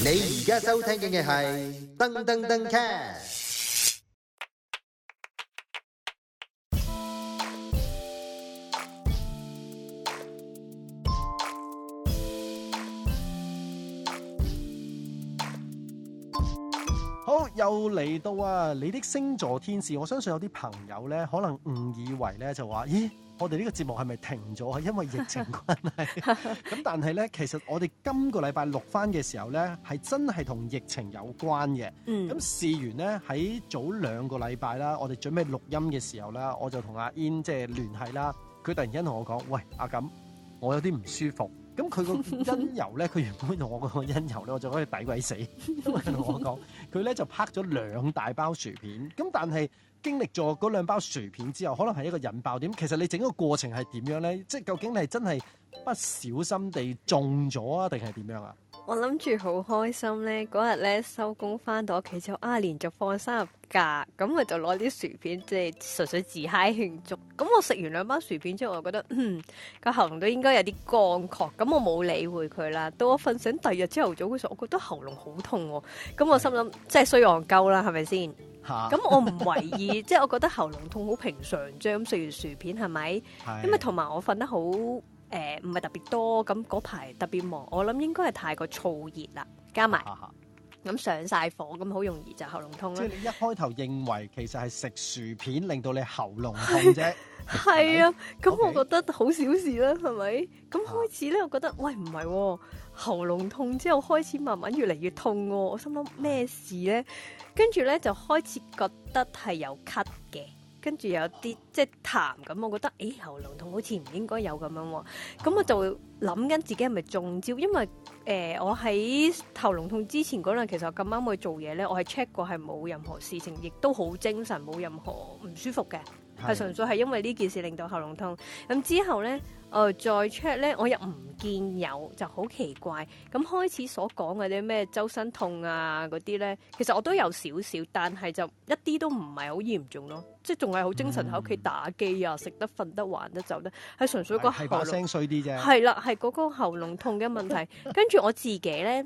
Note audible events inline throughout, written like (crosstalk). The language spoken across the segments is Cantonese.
你而家收聽嘅係噔噔噔 cast 好又嚟到啊！你的星座天使。我相信有啲朋友呢，可能誤以為呢就話，咦？我哋呢個節目係咪停咗？係因為疫情關係。咁 (laughs) (laughs) 但係咧，其實我哋今個禮拜錄翻嘅時候咧，係真係同疫情有關嘅。咁、嗯、試完咧，喺早兩個禮拜啦，我哋準備錄音嘅時候啦，我就同阿 In 即係聯繫啦。佢突然間同我講：喂，阿感，我有啲唔舒服。咁佢個因由咧，佢原本同我個因由咧，我就可以抵鬼死， (laughs) 因為佢同我講，佢咧就拍咗兩大包薯片。咁但係，經歷咗嗰兩包薯片之後，可能係一個引爆點。其實你整個過程係點樣呢？即究竟係真係不小心地中咗啊，定係點樣啊？我諗住好開心咧，嗰日咧，收工翻到屋企之後，啊連續放三日假，咁我就攞啲薯片即係純粹自嗨慶祝。咁我食完兩包薯片之後，我就覺得嗯，個喉嚨都應該有啲乾渴，咁我冇理會佢啦。到我瞓醒第二日朝頭早嗰時候，我覺得喉嚨好痛，咁我心諗，即係衰戇鳩啦，係咪先？吓，咁 (laughs) 我唔為意，即係 (laughs) 我覺得喉嚨痛好平常啫。咁食完薯片係咪？是因為同埋我瞓得好。誒，唔係、呃、特別多，咁嗰排特別忙，我諗應該係太過燥熱啦，加埋咁、啊啊、上晒火，咁好容易就喉嚨痛啦。即係你一開頭認為其實係食薯片令到你喉嚨痛啫，係 (laughs) (laughs) (laughs) 啊，咁 Okay. 我覺得好小事啦，係咪？咁開始咧，我覺得、啊、喂唔係、啊、喉嚨痛之後開始慢慢越嚟越痛、啊，我心諗咩事咧？跟住咧就開始覺得係有咳嘅。跟住有啲即係痰咁，我覺得誒喉嚨痛好似唔應該有咁樣喎。咁、嗯、我就諗緊自己係咪中招，因為誒、呃、我喺喉嚨痛之前嗰輪其實我咁啱去做嘢咧，我係 check 過係冇任何事情，亦都好精神，冇任何唔舒服嘅。係純粹係因為呢件事令到喉嚨痛，咁、嗯、之後咧，誒、呃、再 check 咧，我又唔見有，就好奇怪。咁開始所講嘅啲咩周身痛啊嗰啲咧，其實我都有少少，但係就一啲都唔係好嚴重咯，即係仲係好精神喺屋企打機啊，食、嗯、得瞓得玩得走得，係純粹個係把聲衰啲啫，係啦，係個喉嚨痛嘅問題。 (laughs) 跟住我自己咧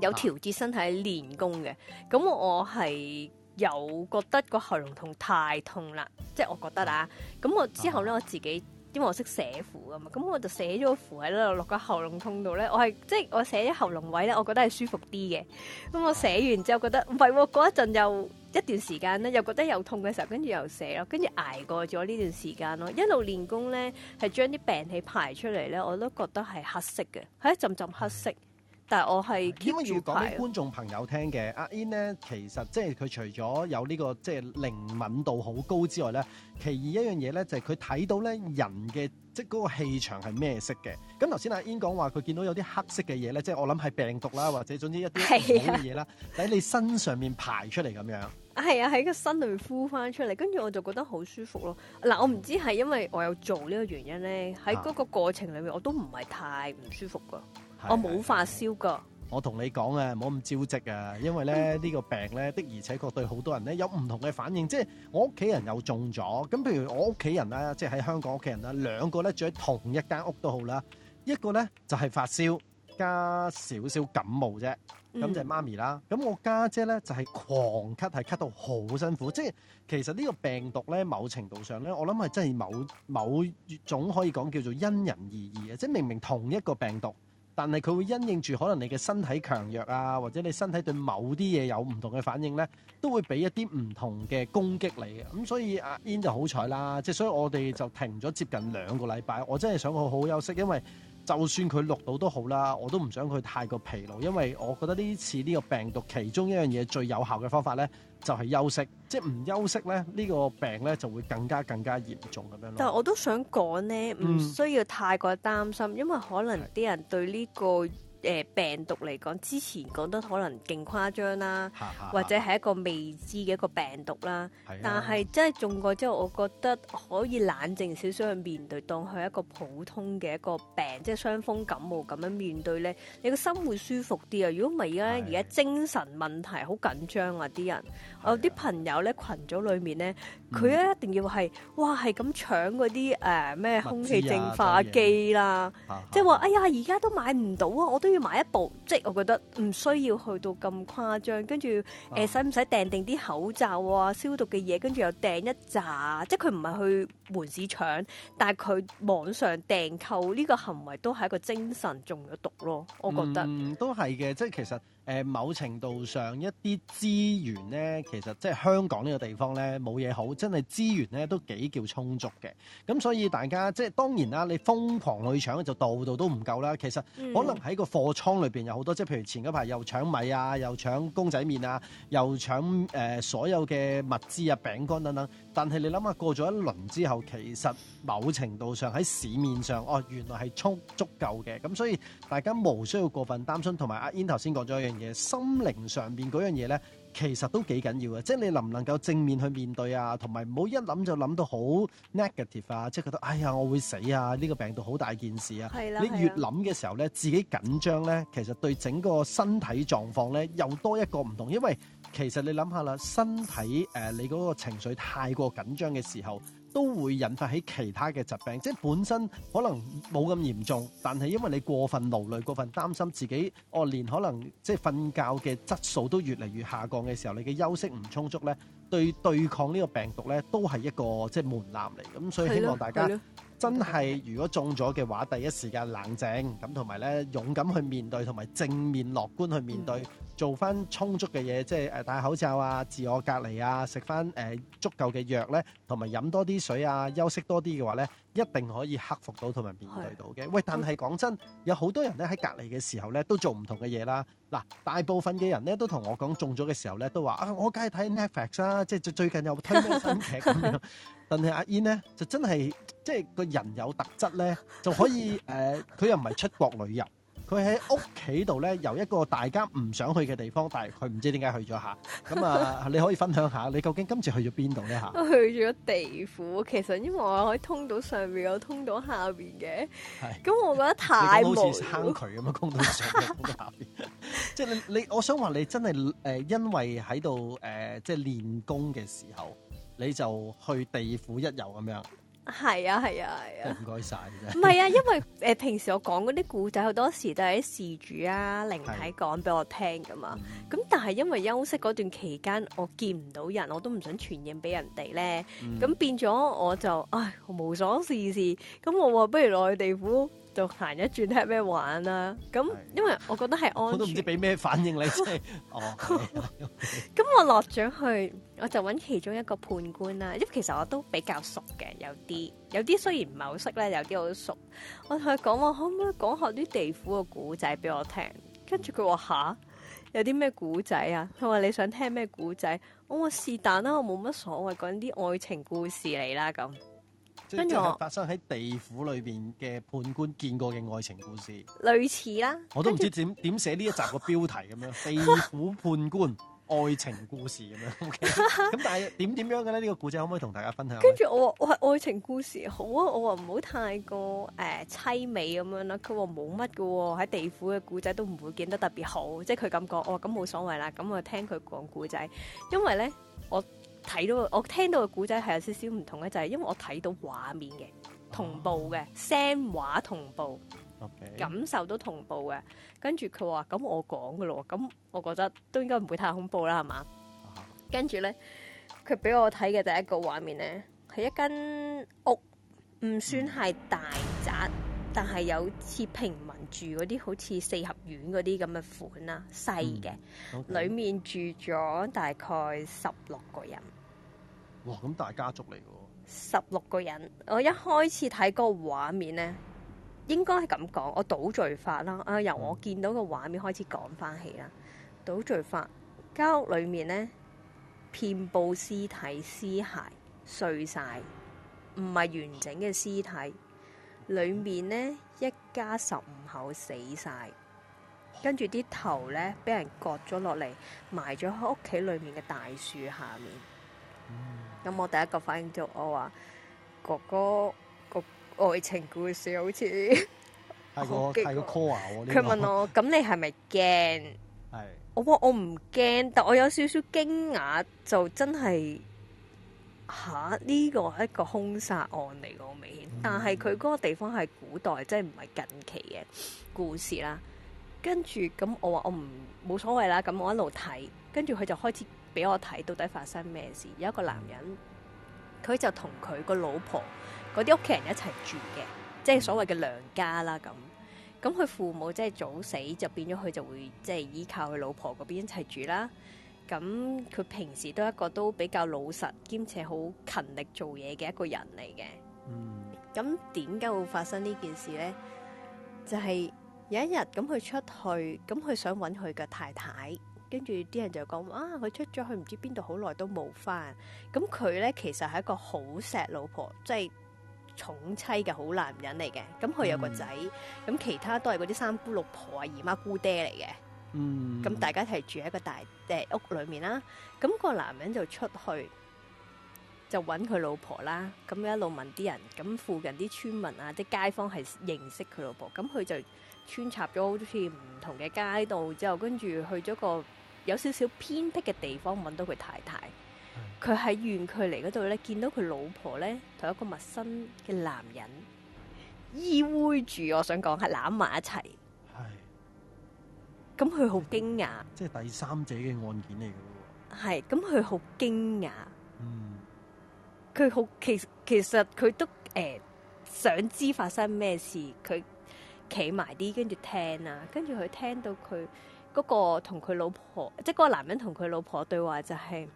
有調節身體練功嘅，咁、啊、我係。又覺得個喉嚨痛太痛啦，即係我覺得啊，咁我之後咧、啊、我自己，因為我識寫符㗎嘛，咁我就寫咗個符喺度，落個喉嚨痛度咧，我係即係我寫咗喉嚨位咧，我覺得係舒服啲嘅。咁我寫完之後覺得唔係喎，嗰一陣又一段時間咧又覺得又痛嘅時候，跟住又寫咯，跟住捱過咗呢段時間咯，一路練功咧係將啲病氣排出嚟咧，我都覺得係黑色嘅，係一陣浸黑色。但係我係因為要講俾觀眾朋友聽嘅，啊、阿 In 咧其實即係佢除咗有呢、呢個即係靈敏度好高之外咧，其二一樣嘢咧就係佢睇到咧人嘅即係嗰個氣場係咩色嘅。咁頭先阿 In 講話佢見到有啲黑色嘅嘢咧，即係我諗係病毒啦，或者總之一啲唔好嘅嘢啦，喺是、啊、 (laughs) 你身上面排出嚟咁樣。係啊，喺個身裏面呼翻出嚟，跟住我就覺得好舒服咯。嗱、啊，我唔知係因為我有做呢個原因咧，喺嗰個過程裡面我都唔係太唔舒服噶。我冇發燒㗎。我同你講啊，冇咁着急啊，因為咧呢個病咧，的而且確對好多人咧有唔同嘅反應。即係我屋企人又中咗，咁譬如我屋企人咧，即係喺香港屋企人啦，兩個咧住喺同一間屋都好啦。一個咧就係發燒加少少感冒啫，咁就係媽咪啦。咁我家姐咧就係狂咳，係咳到好辛苦。即係其實呢個病毒咧，某程度上咧，我諗係真係某某種可以講叫做因人而異啊。即係明明同一個病毒。但係佢會因應住可能你嘅身體強弱啊，或者你身體對某啲嘢有唔同嘅反應咧，都會俾一啲唔同嘅攻擊你嘅。嗯。咁所以阿 In 就好彩啦，即係所以我哋就停咗接近兩個禮拜，我真係想好好好休息，因為。就算佢錄到都好啦，我都唔想佢太過疲勞，因為我覺得呢次呢個病毒其中一樣嘢最有效嘅方法呢，就係休息，即係唔休息呢，呢個病呢就會更加更加嚴重咁樣。但係我都想講呢，唔需要太過擔心，因為可能啲人對呢個。誒病毒嚟，講之前講得可能勁誇張啦，哈哈，或者係一個未知嘅一個病毒啦。哈哈，但係真係中過之後我覺得可以冷靜少少去面對，當佢一個普通嘅一個病，即係傷風感冒咁樣面對咧，你個心會舒服啲啊！如果唔係而家而家精神問題好緊張啊，啲人、啊、我有啲朋友咧群組裏面咧，佢咧一定要係、嗯、哇，係咁搶嗰啲誒咩空氣淨化機啦，啊、哈哈即係話哎呀，而家都買唔到啊，我都～我都要買一部，即係我覺得唔需要去到咁誇張。跟住誒，使唔使訂定啲口罩啊、消毒嘅嘢，跟住又訂一紮，即係佢唔係去門市搶，但係佢網上訂購呢個行為都係一個精神中咗毒咯，我覺得。嗯，都係嘅，即係其實。誒某程度上一啲資源咧，其實即係香港呢個地方咧冇嘢好，真係資源咧都幾叫充足嘅。咁所以大家即係當然啦，你瘋狂去搶就度度都唔夠啦。其實可能喺個貨倉裏邊有好多，即係譬如前嗰排又搶米啊，又搶公仔麵啊，又搶誒、呃、所有嘅物資啊、餅乾等等。但係你諗下過咗一輪之後，其實某程度上喺市面上，哦，原來係充足、足夠嘅。咁所以大家冇需要過分擔心。同埋阿 In 頭先講咗一樣，嘅心靈上面嗰樣嘢咧，其實都幾緊要嘅，即係你能唔能夠正面去面對啊，同埋唔好一諗就諗到好 negative 啊，即係覺得哎呀，我會死啊，呢、呢個病毒好大件事啊，的你越諗嘅時候咧，的自己緊張咧，其實對整個身體狀況咧又多一個唔同，因為其實你諗下啦，身體誒、呃、你嗰個情緒太過緊張嘅時候。都會引發起其他嘅疾病，即本身可能冇咁嚴重，但係因為你過分勞累、過分擔心自己，哦、連可能即係瞓覺嘅質素都越嚟越下降嘅時候，你嘅休息唔充足呢。對對抗呢個病毒呢，都係一個即係門檻嚟，咁、嗯、所以希望大家。真係，如果中咗嘅話，第一時間冷靜咁，同埋咧勇敢去面對，同埋正面樂觀去面對，嗯、做翻充足嘅嘢，即係誒戴口罩啊、自我隔離啊、食翻誒足夠嘅藥咧，同埋飲多啲水啊、休息多啲嘅話咧，一定可以克服到同埋面對到嘅。是喂，但係講真，有好多人咧喺隔離嘅時候咧，都做唔同嘅嘢啦。嗱，大部分嘅人咧都同我講中咗嘅時候咧，都話啊，我梗係睇 Netflix 啦、啊，即係最最近有推新劇咁樣。 (laughs) (laughs) 但係阿 In 咧，就真係即係個人有特質咧，就可以誒，佢又唔係出國旅遊，佢喺屋企度咧，由一個大家唔想去嘅地方，但係佢唔知點解去咗下。咁啊，你可以分享下你究竟今次去咗邊度咧嚇？去咗地府，其實因為我可以通到上邊，我通到下邊嘅。係。咁我覺得太無。好似坑渠咁樣，通到上邊，通到下邊。即係你，你我想話你真係誒，因為喺度誒，即係練功嘅時候。你就去地府一遊咁樣？係啊，係啊，係啊！唔該晒。唔 (laughs) 係啊，因為誒、呃、平時我講嗰啲故仔好多時都係啲事主啊靈體講俾我聽噶嘛。咁的但係因為休息嗰段期間，我見唔到人，我都唔想傳染俾人哋咧。咁、嗯、變咗我就唉我無所事事。咁我話不如落去地府，度行一轉睇咩玩啦、啊，咁因為我覺得係安全。我都唔知俾咩反應你。哦，咁我落咗去，我就揾其中一個判官啦，因為其實我都比較熟嘅，有啲有啲雖然唔係好識咧，有啲好熟。我同佢講，我可唔可以講下啲地府嘅古仔俾我聽？跟住佢話吓，有啲咩古仔啊？佢話你想聽咩古仔？我話是但啦，我冇乜所謂，講啲愛情故事嚟啦咁。跟住係發生喺地府裏邊嘅判官見過嘅愛情故事，類似啦。我都唔知點點寫呢一集個標題咁樣，地府判官 (laughs) 愛情故事咁、okay? (laughs) 樣，咁樣。咁但係點點樣嘅咧？呢個故仔可唔可以同大家分享？跟住我話：我係愛情故事，好啊！我話唔好太過誒悽、呃、美咁樣啦、啊。佢話冇乜㗎喎，喺地府嘅故仔都唔會見得特別好。即係佢咁講，我話咁冇所謂啦。咁我聽佢講故仔，因為咧我。睇到我聽到嘅古仔係有少少唔同嘅就係、是、因為我睇到畫面嘅同步嘅聲畫同步，Okay. 感受到同步嘅，跟住佢話咁我講嘅咯，咁我覺得都應該唔會太恐怖啦，係嘛？啊、哈跟住咧，佢俾我睇嘅第一個畫面咧係一間屋，唔算係大宅，但係有似平民。住嗰啲好似四合院嗰啲咁嘅款啦，細嘅，嗯 okay. 裏面住咗大概十六個人。哇！咁大家族嚟嘅喎。十六個人，我一開始睇嗰個畫面咧，應該係咁講，我倒敘法啦。啊，由我見到個畫面開始講翻起啦，嗯、倒敘法，間屋裏面咧遍布屍體屍骸，碎晒，唔係完整嘅屍體。裏面呢，一家十五口死晒。跟住啲頭呢，俾人割咗落嚟，埋咗喺屋企裏面嘅大樹下面。咁、嗯、我第一個反應就我話：哥哥，個愛情故事好似太過太過佢 (laughs) 怕問我：咁 (laughs) 你係咪驚？是我話我唔驚，但我有少少驚訝，就真係。嚇！呢個一個兇殺案嚟嘅，好明顯。但係佢嗰個地方係古代，即係唔係近期嘅故事啦。跟住咁，我話我唔冇所謂啦。咁我一路睇，跟住佢就開始俾我睇到底發生咩事。有一個男人，佢就同佢個老婆嗰啲屋企人一齊住嘅，即係所謂嘅娘家啦。咁咁佢父母即係早死，就變咗佢就會即係依靠佢老婆嗰邊一齊住啦。咁佢平時都一個都比較老實，兼且好勤力做嘢嘅一個人嚟嘅。咁點解會發生呢件事呢？就係、是、有一日咁佢出去，咁佢想揾佢嘅太太，跟住啲人就講啊，佢出咗去唔知邊度，好耐都冇返。咁佢呢其實係一個好錫老婆，即係寵妻嘅好男人嚟嘅。咁佢有個仔，咁、嗯、其他都係嗰啲三姑六婆啊、姨媽姑爹嚟嘅。咁、嗯、大家一齊住喺個大誒、呃、屋裏面啦，咁、個男人就出去就揾佢老婆啦，咁一路問啲人，咁附近啲村民啊、啲街坊係認識佢老婆，咁佢就穿插咗好似唔同嘅街道之後，跟住去咗個有少少偏僻嘅地方揾到佢太太，佢喺遠距離嗰度咧見到佢老婆咧同一個陌生嘅男人依偎住，我想講係攬埋一齊。咁佢好驚訝，驚訝即係第三者嘅案件嚟嘅喎。係，咁佢好驚訝。嗯，佢好，其實其實佢都誒、呃、想知發生咩事，佢企埋啲，跟住聽啊，跟住佢聽到佢嗰個同佢老婆，即係嗰個男人同佢老婆對話就係、是、誒，唔、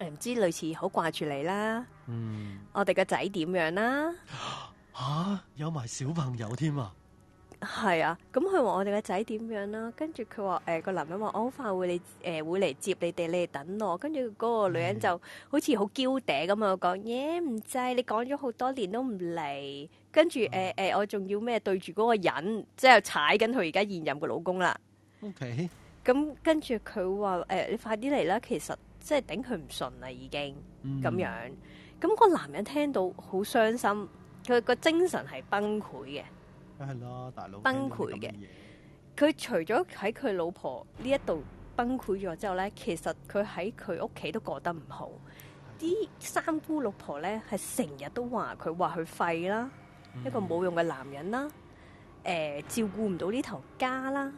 呃、知類似好掛住你啦。嗯，我哋個仔點樣啦？吓、啊，有埋小朋友添啊！係啊，咁佢話我哋個仔點樣啦、啊？跟住佢話誒，個、呃、男人話我好快會嚟誒、呃，會嚟接你哋，你哋等我。跟住嗰個女人就好似好嬌嗲咁啊，講嘢唔制，你講咗好多年都唔嚟。跟住誒誒，我仲要咩？對住嗰個人，即係踩緊佢而家現任個老公啦。OK、嗯。咁跟住佢話誒，你快啲嚟啦！其實即係頂佢唔順啦，已經咁樣。咁、個男人聽到好傷心，佢個精神係崩潰嘅。係囉，大佬，嗯、崩潰嘅。佢除咗喺佢老婆呢一度崩潰咗之後咧，其實佢喺佢屋企都過得唔好。啲三姑六婆咧係成日都話佢，話佢廢啦，嗯、一個冇用嘅男人啦。誒、呃，照顧唔到呢頭家啦。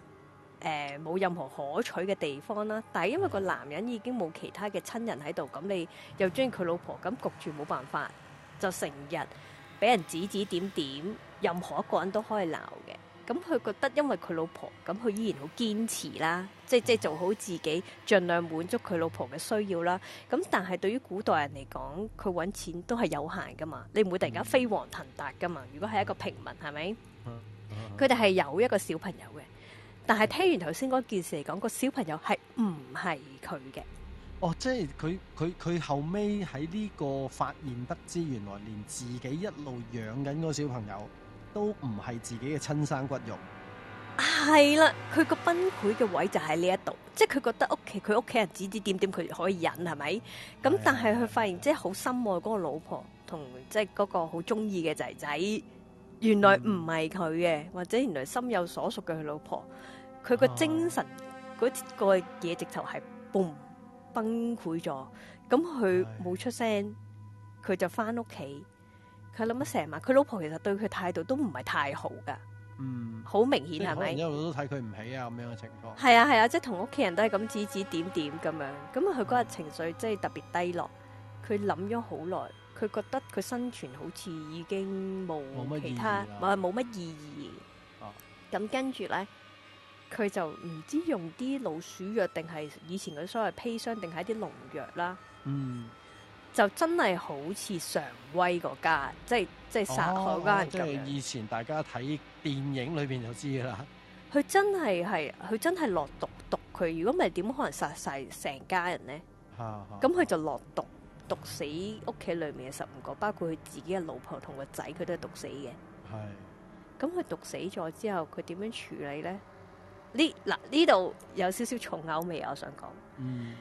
誒、呃，冇任何可取嘅地方啦。但係因為個男人已經冇其他嘅親人喺度，咁你又鍾意佢老婆咁焗住冇辦法，就成日俾人指指點點。任何一個人都可以鬧嘅，咁佢覺得因為佢老婆，咁佢依然好堅持啦，即係做好自己，儘量滿足佢老婆嘅需要啦。咁但係對於古代人嚟講，佢揾錢都係有限噶嘛，你唔會突然間飛黃騰達噶嘛。如果係一個平民，係咪？佢哋係有一個小朋友嘅，但係聽完頭先嗰件事嚟講，個小朋友係唔係佢嘅？哦，即係佢佢佢後尾喺呢個發現得知，原來連自己一路養緊個小朋友。都唔係自己嘅親生骨肉，係啦，佢個崩潰嘅位就喺呢一度，即係佢覺得屋企佢屋企人指指點點，佢可以忍係咪？咁、哎、呀但係佢發現、哎、呀即係好深愛嗰個老婆同即係嗰個好中意嘅仔仔，原來唔係佢嘅，嗯、或者原來心有所屬嘅佢老婆，佢個精神嗰、哎、呀個嘢直頭係崩崩潰咗，咁佢冇出聲，佢是就翻屋企。佢諗咗成晚，佢老婆其實對佢態度都唔係太好㗎，嗯，好明顯係咪？一路是都睇佢唔起啊，咁樣嘅情況。係啊係啊，即係同屋企人都係咁指指點點咁樣，咁佢嗰日情緒即係特別低落，佢諗咗好耐，佢覺得佢生存好似已經冇其他，冇乜意義。哦。咁、啊、跟住咧，佢就唔知用啲老鼠藥定係以前嘅所謂砒霜，定係一啲農藥啦。嗯。就真係好似常威嗰家，即係即係殺害嗰家人咁樣，哦，就是，以前大家睇電影裏邊就知啦。佢真係係，佢真係落毒毒佢。如果唔係點可能殺晒成家人咧？咁佢，哦哦，就落毒，哦，毒死屋企裏面嘅十五個，包括佢自己嘅老婆同個仔，佢都係毒死嘅。係，哎。咁佢毒死咗之後，佢點樣處理咧？呢嗱呢度有少少重口味，我想講。嗯。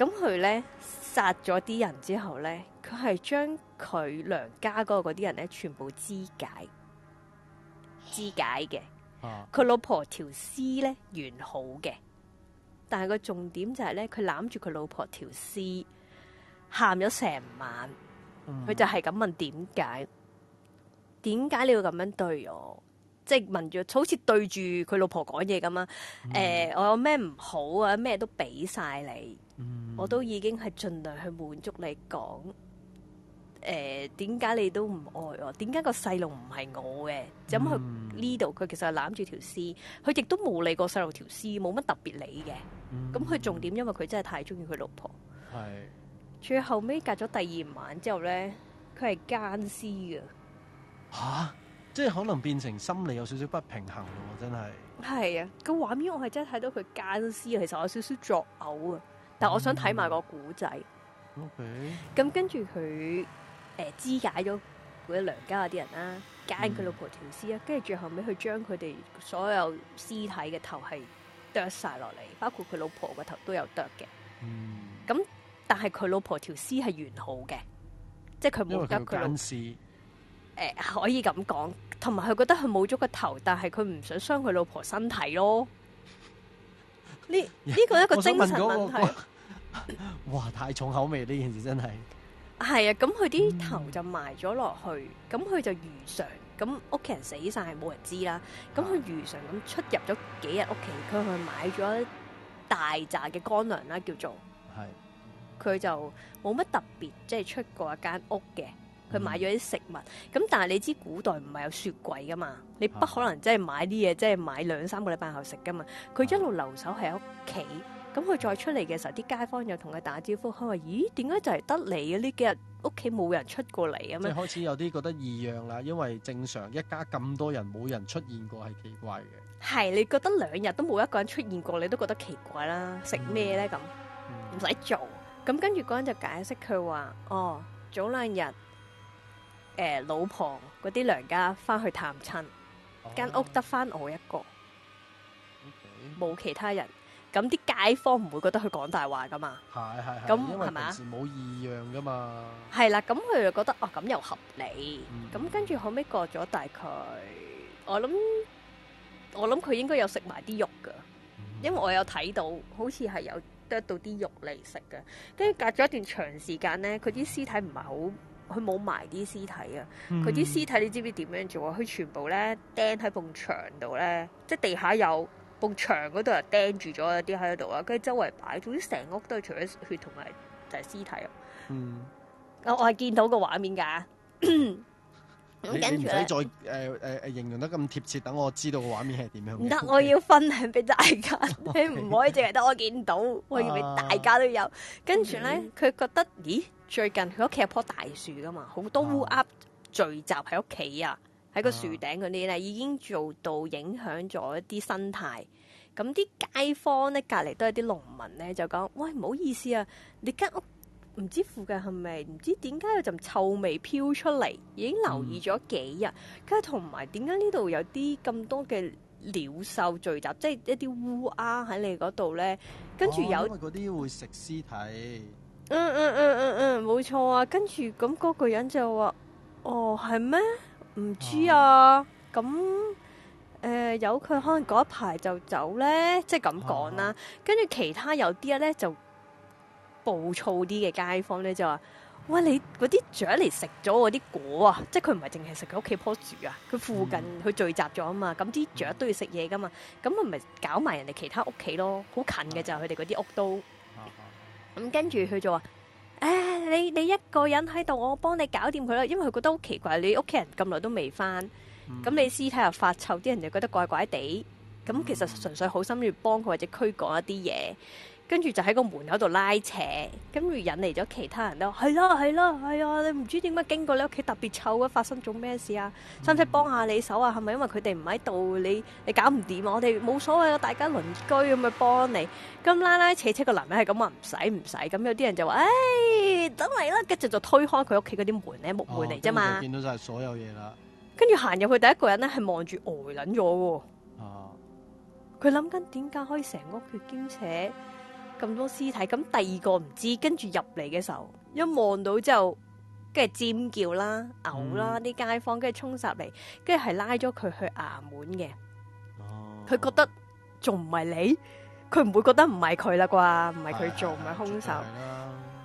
咁佢咧殺咗啲人之後咧，佢係將佢娘家嗰個嗰啲人咧全部肢解，肢解嘅。佢、啊、老婆條屍咧完好嘅，但係個重點就係咧，佢攬住佢老婆條屍，喊咗成晚，佢、嗯、就係咁問點解？點解你要咁樣對我？即係問住，好似對住佢老婆講嘢咁啊！誒、嗯呃，我有咩唔好啊？咩都俾晒你，嗯、我都已經係盡量去滿足你。講、呃、誒，點解你都唔愛我？點解個細路唔係我嘅？咁佢呢度，佢、嗯、其實係攬住條屍，佢亦都冇理過細路條屍，冇乜特別理嘅。咁佢、嗯、重點，因為佢真係太中意佢老婆。係是。最後尾隔咗第二晚之後咧，佢係奸屍嘅。嚇！即係可能變成心理有少少不平衡咯，真係。係啊，個畫面我係真係睇到佢奸屍，其實我有少少作嘔、嗯呃、啊！但係我想睇埋個古仔。OK。咁跟住佢誒肢解咗佢娘家嗰啲人啦，奸佢老婆條屍啊，跟住、嗯、最後尾佢將佢哋所有屍體嘅頭係剁晒落嚟，包括佢老婆個頭都有剁嘅。嗯。咁但係佢老婆條屍係完好嘅，即係佢冇得佢。誒、呃，可以咁講，同埋佢覺得佢冇咗個頭，但係佢唔想傷佢老婆身體咯。呢呢個一個精神問題。問哇，太重口味，呢件事真係。係 (laughs) 啊，咁佢啲頭就埋咗落去，咁佢、嗯、就如常，咁屋企人死晒冇人知啦。咁佢如常咁出入咗幾日屋企，佢去買咗一大扎嘅乾糧啦，叫做。係是。佢就冇乜特別，即係出過一間屋嘅。佢買咗啲食物，咁但係你知古代唔係有雪櫃噶嘛？你不可能即係買啲嘢，即係買兩三個禮拜後食噶嘛？佢一路留守喺屋企，咁佢再出嚟嘅時候，啲街坊又同佢打招呼，佢話：咦，點解就係得你呢幾日屋企冇人出過嚟咁？即係開始有啲覺得異樣啦，因為正常一家咁多人冇人出現過係奇怪嘅。係你覺得兩日都冇一個人出現過，你都覺得奇怪啦。食咩咧咁？唔使做。咁跟住嗰人就解釋佢話：哦，早兩日。誒、呃，老婆嗰啲娘家翻去探親，間、oh, 屋得翻我一個，冇 Okay. 其他人。咁啲街坊唔會覺得佢講大話噶嘛？係係係，咁係咪啊？冇異樣噶嘛？係啦，咁佢就覺得哦，咁、啊、又合理。咁、mm hmm. 跟住後尾過咗大概，我諗我諗佢應該有食埋啲肉噶，mm hmm. 因為我有睇到，好似係有得到啲肉嚟食噶。跟住隔咗一段長時間咧，佢啲屍體唔係好。Hmm. 佢冇埋啲屍體啊！佢啲屍體你知唔知點樣做啊？佢全部咧釘喺埲牆度咧，即係地下有埲牆嗰度啊釘住咗一啲喺度啊，跟住周圍擺，總之成屋都係除咗血同埋就係屍體啊！嗯，啊、我我係見到個畫面㗎、啊。你唔使再誒誒、呃呃、形容得咁貼切，等我知道個畫面係點樣。唔得，我要分享俾大家，你唔 (laughs) (laughs) okay. 可以淨係得我見到，我要俾大家都有。跟住咧，佢覺得咦？ (coughs) 最近佢屋企有棵大樹噶嘛，好多烏鴉聚集喺屋企啊，喺個樹頂嗰啲咧已經做到影響咗一啲生態。咁啲街坊咧隔離都係啲農民咧就講：喂，唔好意思啊，你間屋唔知附近係咪唔知點解有陣臭味飄出嚟，已經留意咗幾日。跟住同埋點解呢度有啲咁多嘅鳥獸聚集，即係一啲烏鴉喺你嗰度咧？跟住有、哦，因為嗰啲會食屍體。嗯嗯嗯嗯嗯，冇錯啊。跟住咁嗰個人就話：，哦係咩？唔知啊。咁誒、啊呃，有佢可能嗰一排就走咧，即係咁講啦。跟住其他有啲咧就暴躁啲嘅街坊咧就話：，喂，你嗰啲雀嚟食咗我啲果啊！即係佢唔係淨係食佢屋企棵樹啊，佢附近佢聚集咗啊、嗯、嘛。咁啲雀都要食嘢噶嘛。咁咪咪搞埋人哋其他屋企咯。好近嘅就係佢哋嗰啲屋都。咁跟住佢就話：，誒，你你一個人喺度，我幫你搞掂佢啦。因為佢覺得好奇怪，你屋企人咁耐都未翻，咁、嗯、你屍體又發臭，啲人就覺得怪怪地。咁其實純粹好心要幫佢或者驅趕一啲嘢。跟住就喺個門口度拉扯，跟住引嚟咗其他人，都係啦，係啦，係啊！你唔知點解經過你屋企特別臭嘅，發生咗咩事啊？使唔使幫下你手啊？係咪因為佢哋唔喺度，你你搞唔掂啊？我哋冇所謂啊，大家鄰居咁去幫你。咁拉拉扯扯個男人係咁話唔使唔使，咁有啲人就話：，誒、哎，等嚟啦！跟住就推開佢屋企嗰啲門咧，木門嚟啫嘛。見、哦、到晒所有嘢啦。跟住行入去，第一個人咧係望住呆捻咗嘅。佢諗緊點解可以成屋血兼且。咁多屍體，咁第二個唔知，跟住入嚟嘅時候，一望到之後，跟住尖叫啦、嘔啦，啲街坊跟住衝晒嚟，跟住係拉咗佢去衙門嘅。佢覺得仲唔係你，佢唔會覺得唔係佢啦啩，唔係佢做唔係兇手。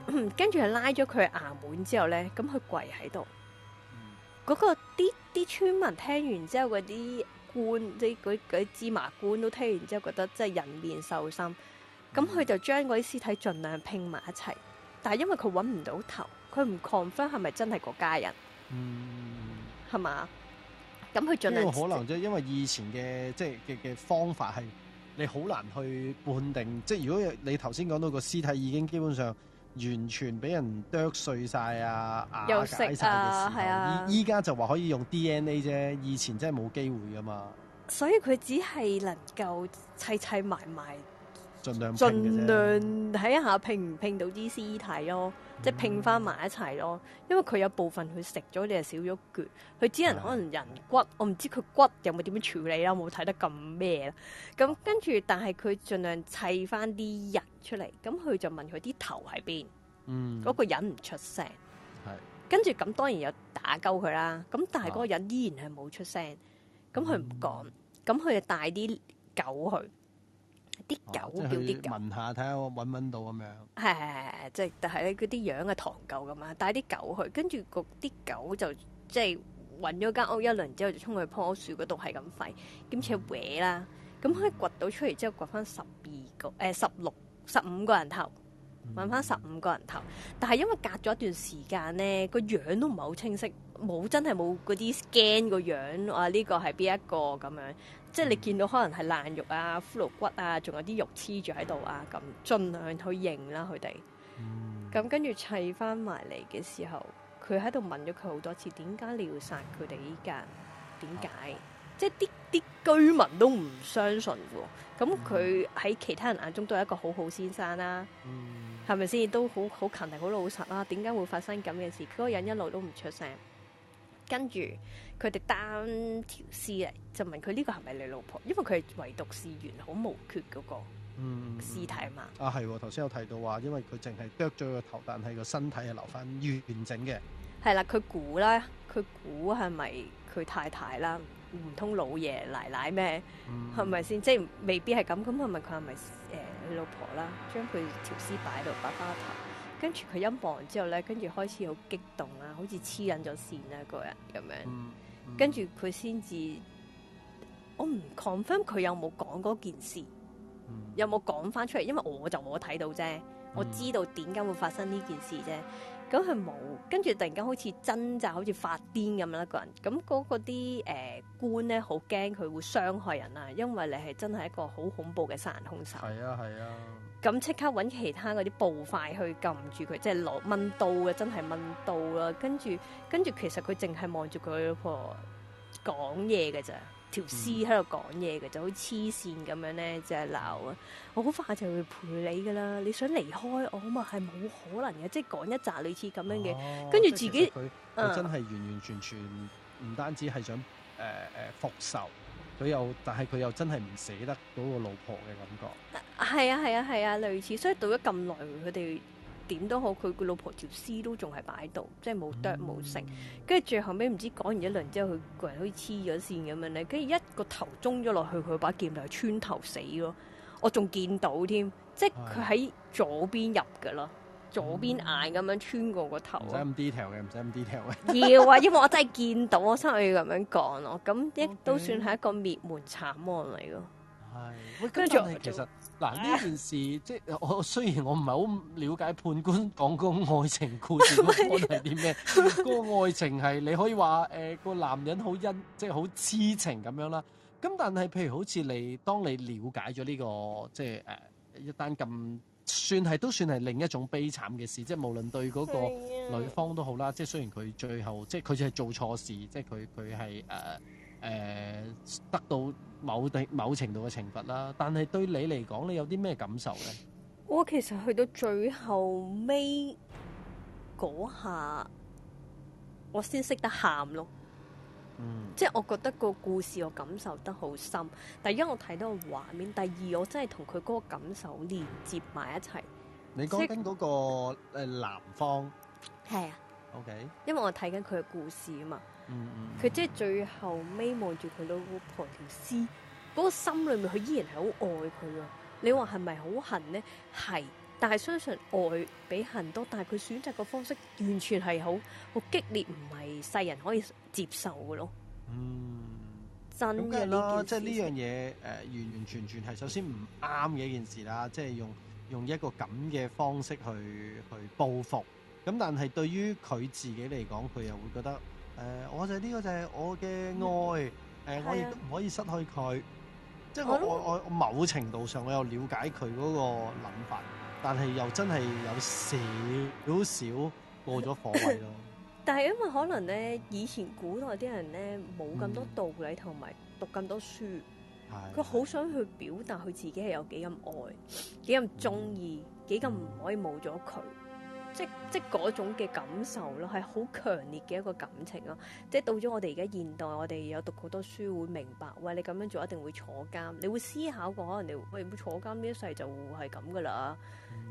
(coughs) 跟住係拉咗佢去衙門之後呢，咁佢跪喺度。嗰、嗯嗰個啲啲村民聽完之後，嗰啲官即係嗰嗰芝麻官都聽完之後，覺得真係人面獸心。咁佢就將嗰啲屍體盡量拼埋一齊，但係因為佢揾唔到頭，佢唔 confirm 係咪真係個家人，嗯，係嘛？咁佢盡量可能啫，因為以前嘅即係嘅嘅方法係你好難去判定，即係如果你頭先講到個屍體已經基本上完全俾人啄碎晒啊，又食啊，係啊，依家就話可以用 DNA 啫，以前真係冇機會噶嘛，所以佢只係能夠砌砌埋埋。盡量拼，盡量睇一下拼唔拼到啲屍體咯，嗯、即係拼翻埋一齊咯。因為佢有部分佢食咗，你係少咗骨，佢只能可能人骨，嗯、我唔知佢骨有冇點樣處理啦，冇睇得咁咩啦。咁跟住，但係佢盡量砌翻啲人出嚟。咁佢就問佢啲頭喺邊？嗯，嗰個人唔出聲，係是。跟住咁當然有打鳩佢啦。咁但係嗰個人依然係冇出聲。咁佢唔講，咁佢就帶啲狗去。啲狗叫啲狗，聞下睇下揾唔揾到咁樣。係係係，即係但係咧，嗰啲樣啊唐狗噶嘛，帶啲狗去，跟住嗰啲狗就即係揾咗間屋一輪，之後就衝去棵樹嗰度係咁吠，兼且搲啦，咁可以掘到出嚟之後掘翻十二個，誒十六十五個人頭，揾翻十五個人頭，但係因為隔咗一段時間咧，個樣都唔係好清晰。冇真係冇嗰啲驚個樣，啊呢、這個係邊一個咁樣？即係你見到可能係爛肉啊、骷髏骨啊，仲有啲肉黐住喺度啊，咁盡量去認啦佢哋。咁、嗯、跟住砌翻埋嚟嘅時候，佢喺度問咗佢好多次，點解你要殺佢哋依家？點解？啊、即係啲啲居民都唔相信喎、啊。咁佢喺其他人眼中都係一個好好先生啦、啊，係咪先？至都好好勤力、好老實啦。點、啊、解會發生咁嘅事？佢、嗰個人一路都唔出聲。跟住佢哋單條屍嚟，就問佢，呢個係咪你老婆？因為佢係唯獨是完好無缺嗰個屍體啊嘛。嗯嗯嗯、啊係，頭先有提到話，因為佢淨係剁咗個頭，但係個身體係留翻完，完整嘅。係啦、嗯嗯，佢估啦，佢估係咪佢太太啦？唔通老爺奶奶咩？係咪先？嗯嗯，即係未必係咁。咁係咪佢係咪你老婆啦？將佢條屍擺到爸爸頭？跟住佢音播完之後咧，跟住開始好激動啊，好似黐引咗線啊個人咁樣。Mm, mm，跟住佢先至，我唔 confirm 佢有冇講嗰件事，mm，有冇講翻出嚟？因為我就冇睇到啫，我知道點解會發生呢件事啫。咁佢冇，跟住突然間好似掙扎，好似發癲咁樣一個人。咁嗰嗰啲誒官咧，好驚佢會傷害人啊，因為你係真係一個好恐怖嘅殺人兇手。係啊，係啊。咁即刻揾其他嗰啲步快去撳住佢，即係攞掹刀啊！真係掹到掹刀啦，跟住跟住，其實佢淨係望住佢老婆講嘢嘅咋，條屍喺度講嘢嘅就好黐線咁樣咧，即係鬧啊！我好快就會陪你噶啦，你想離開我啊嘛？係冇可能嘅，即係講一扎類似咁樣嘅，跟住、哦、自己佢、嗯、真係完完全全唔單止係想誒誒、呃呃、復仇。佢又，但係佢又真係唔捨得嗰個老婆嘅感覺。係啊，係啊，係啊，類似。所以到咗咁耐，佢哋點都好，佢佢老婆條屍都仲係擺度，即係冇剁冇食。跟住、嗯、最後尾唔知講完一輪之後，佢個人好似黐咗線咁樣咧。跟住一個頭中咗落去，佢把劍就穿頭死咯。我仲見到添，即係佢喺左邊入噶咯。左邊眼咁樣穿過個頭，唔使咁 detail 嘅，唔使咁 detail 嘅。要啊，因為我真係見到，所以我要咁樣講咯。咁亦都算係一個滅門慘案嚟咯。係 Okay.，跟住 (laughs) 其實嗱呢件事，即係我雖然我唔係好了解判官講個愛情故事係啲咩， (laughs) 不是 (laughs) 個愛情係你可以話誒、呃，那個男人好恩，即係好痴情咁樣啦。咁但係譬如好似你當你了解咗呢、這個即係誒、呃、一單咁。算係都算係另一種悲慘嘅事，即係無論對嗰個女方都好啦，即係雖然佢最後即係佢係做錯事，即係佢佢係誒誒得到某定某程度嘅懲罰啦，但係對你嚟講，你有啲咩感受呢？我其實去到最後尾嗰下，我先識得喊咯。嗯、即係我覺得個故事我感受得好深，第一我睇到個畫面，第二我真係同佢嗰個感受連接埋一齊。你講緊嗰個誒即男方係啊？OK，因為我睇緊佢嘅故事啊嘛。嗯佢、嗯、即係最後尾望住佢老婆條屍，嗰、嗰個心裏面佢依然係好愛佢啊！你話係咪好恨咧？係。但係相信愛比恨多，但係佢選擇個方式完全係好好激烈，唔係世人可以接受嘅咯。嗯，真嘅咯，即係呢樣嘢誒，完、呃、完全全係首先唔啱嘅一件事啦。即係用用一個咁嘅方式去去報復咁，但係對於佢自己嚟講，佢又會覺得誒、呃，我就呢個就係我嘅愛，誒，我亦都唔可以失去佢。即係我、嗯、我我某程度上，我有了解佢嗰個諗法。但係又真係有少有少少過咗火位咯。 (laughs) 但係因為可能咧，以前古代啲人咧，冇咁多道理同埋讀咁多書，佢好、嗯、想去表達佢自己係有幾咁愛、幾咁鍾意、幾咁唔可以冇咗佢。嗯嗯。即即嗰種嘅感受咯，係好強烈嘅一個感情咯。即到咗我哋而家現代，我哋有讀好多書，會明白喂，你咁樣做一定會坐監。你會思考過，可能你喂會坐監，呢一世就係咁噶啦。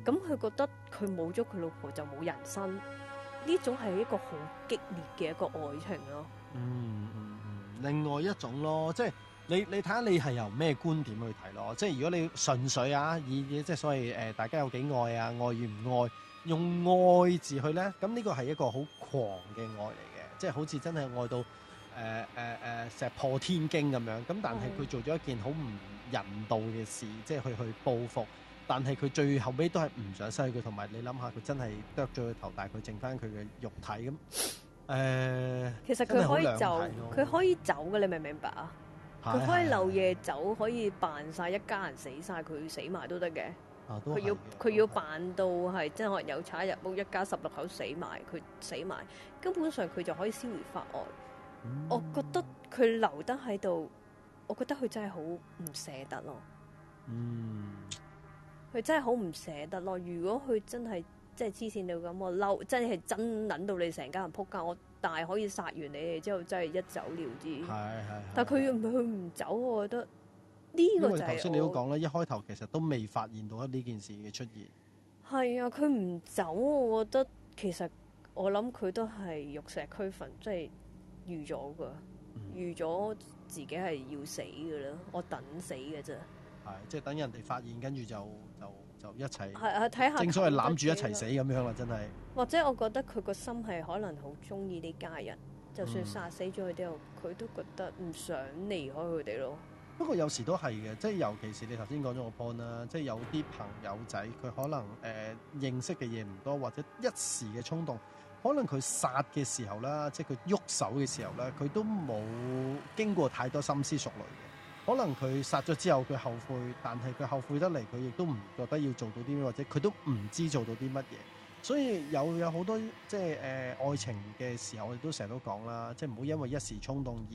咁佢覺得佢冇咗佢老婆就冇人生，呢種係一個好激烈嘅一個愛情咯。嗯。嗯，另外一種咯，即你你睇下你係由咩觀點去睇咯。即如果你純粹啊，以即所謂誒大家有幾愛啊，愛與唔愛。愛用愛字去咧，咁呢個係一個好狂嘅愛嚟嘅，即係好似真係愛到誒誒誒石破天驚咁樣。咁但係佢做咗一件好唔人道嘅事，即係去去報復。但係佢最後尾都係唔想失去佢，同埋你諗下佢真係剁咗佢頭，但係佢剩翻佢嘅肉體咁。誒，呃，其實佢可，可以走，佢可以走嘅，你明唔明白啊？佢可以漏夜走，可以扮晒一家人死晒，佢死埋都得嘅。佢、啊、要佢要扮到係即係可能有賊入屋，一家十六口死埋，佢死埋，根本上佢就可以逍遙法外。嗯，我。我覺得佢留得喺度，我覺得佢真係好唔捨得咯。佢、嗯、真係好唔捨得咯。如果佢真係即係黐線到咁，我嬲真係真諗到你成家人撲街，我大可以殺完你哋之後，真係一走了之。嗯、但佢又唔係佢唔走，我覺得。呢個就因為頭先你都講啦，我一開頭其實都未發現到呢件事嘅出現。係啊，佢唔走，我覺得其實我諗佢都係玉石俱焚，即係預咗噶，預咗、嗯、自己係要死噶啦，我等死噶啫。係，即、就、係、是、等人哋發現，跟住就就就，就一齊。係啊，睇下。正所謂攬住一齊死咁樣啦，真係。或者我覺得佢個心係可能好中意啲家人，就算殺死咗佢哋，佢、嗯、都覺得唔想離開佢哋咯。不過有時都係嘅，即係尤其是你頭先講咗個 point 啦，即係有啲朋友仔佢可能誒、呃、認識嘅嘢唔多，或者一時嘅衝動，可能佢殺嘅時候啦，即係佢喐手嘅時候咧，佢都冇經過太多心思熟慮嘅。可能佢殺咗之後，佢後悔，但係佢後悔得嚟，佢亦都唔覺得要做到啲咩，或者佢都唔知做到啲乜嘢。所以有有好多即係誒、呃、愛情嘅時候，我哋都成日都講啦，即係唔好因為一時衝動而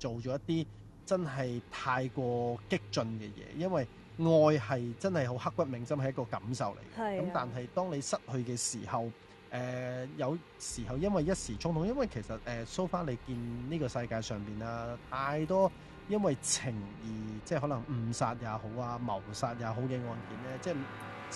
做咗一啲，真係太過激進嘅嘢，因為愛係真係好刻骨銘心，係一個感受嚟嘅。咁的、嗯、但係當你失去嘅時候，誒、呃、有時候因為一時衝動，因為其實誒，蘇、呃、翻、so、你見呢個世界上邊啊，太多因為情而即係可能誤殺也好啊，謀殺也好嘅案件咧，即係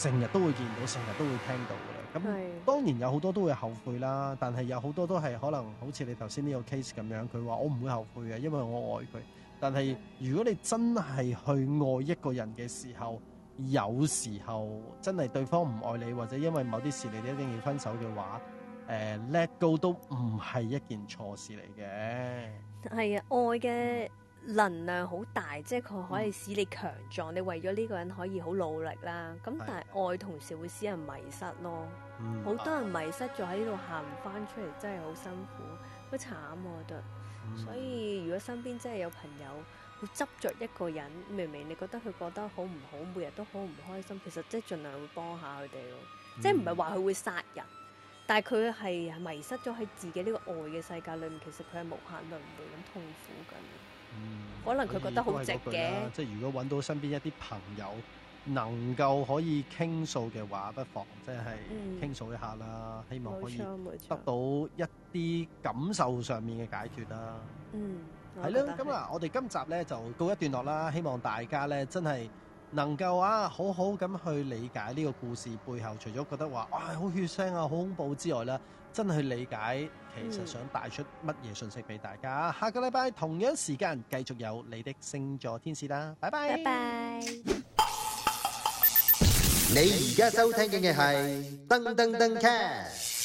成日都會見到，成日都會聽到嘅啦。咁、嗯、的當然有好多都會後悔啦，但係有好多都係可能好似你頭先呢個 case 咁樣，佢話我唔會後悔嘅，因為我愛佢。但係如果你真係去愛一個人嘅時候，有時候真係對方唔愛你，或者因為某啲事你哋一定要分手嘅話，誒、呃、let go 都唔係一件錯事嚟嘅。係啊，愛嘅能量好大，即係佢可以使你強壯，你為咗呢個人可以好努力啦。咁但係愛同時會使人迷失咯，好、嗯、多人迷失咗喺度行唔翻出嚟，真係好辛苦，好慘我覺得。嗯、所以如果身邊真係有朋友會執着一個人，明明你覺得佢覺得好唔好，每日都好唔開心，其實即係盡量會幫下佢哋咯。嗯、即係唔係話佢會殺人，但係佢係迷失咗喺自己呢個愛嘅世界裏面，其實佢係無限輪迴咁痛苦緊。嗯、可能佢覺得好值嘅、嗯。即係如果揾到身邊一啲朋友，能夠可以傾訴嘅話，不妨即係傾訴一下啦。嗯、希望可以得到一啲感受上面嘅解決啦。嗯，係咯啦。咁嗱，我哋今集呢就告一段落啦。希望大家呢真係能夠啊好好咁去理解呢個故事背後，除咗覺得話啊好血腥啊好恐怖之外呢，真係去理解其實想帶出乜嘢信息俾大家。嗯、下個禮拜同樣時間繼續有你的星座天使啦，拜拜。拜拜。你而家收聽嘅係燈登登 cat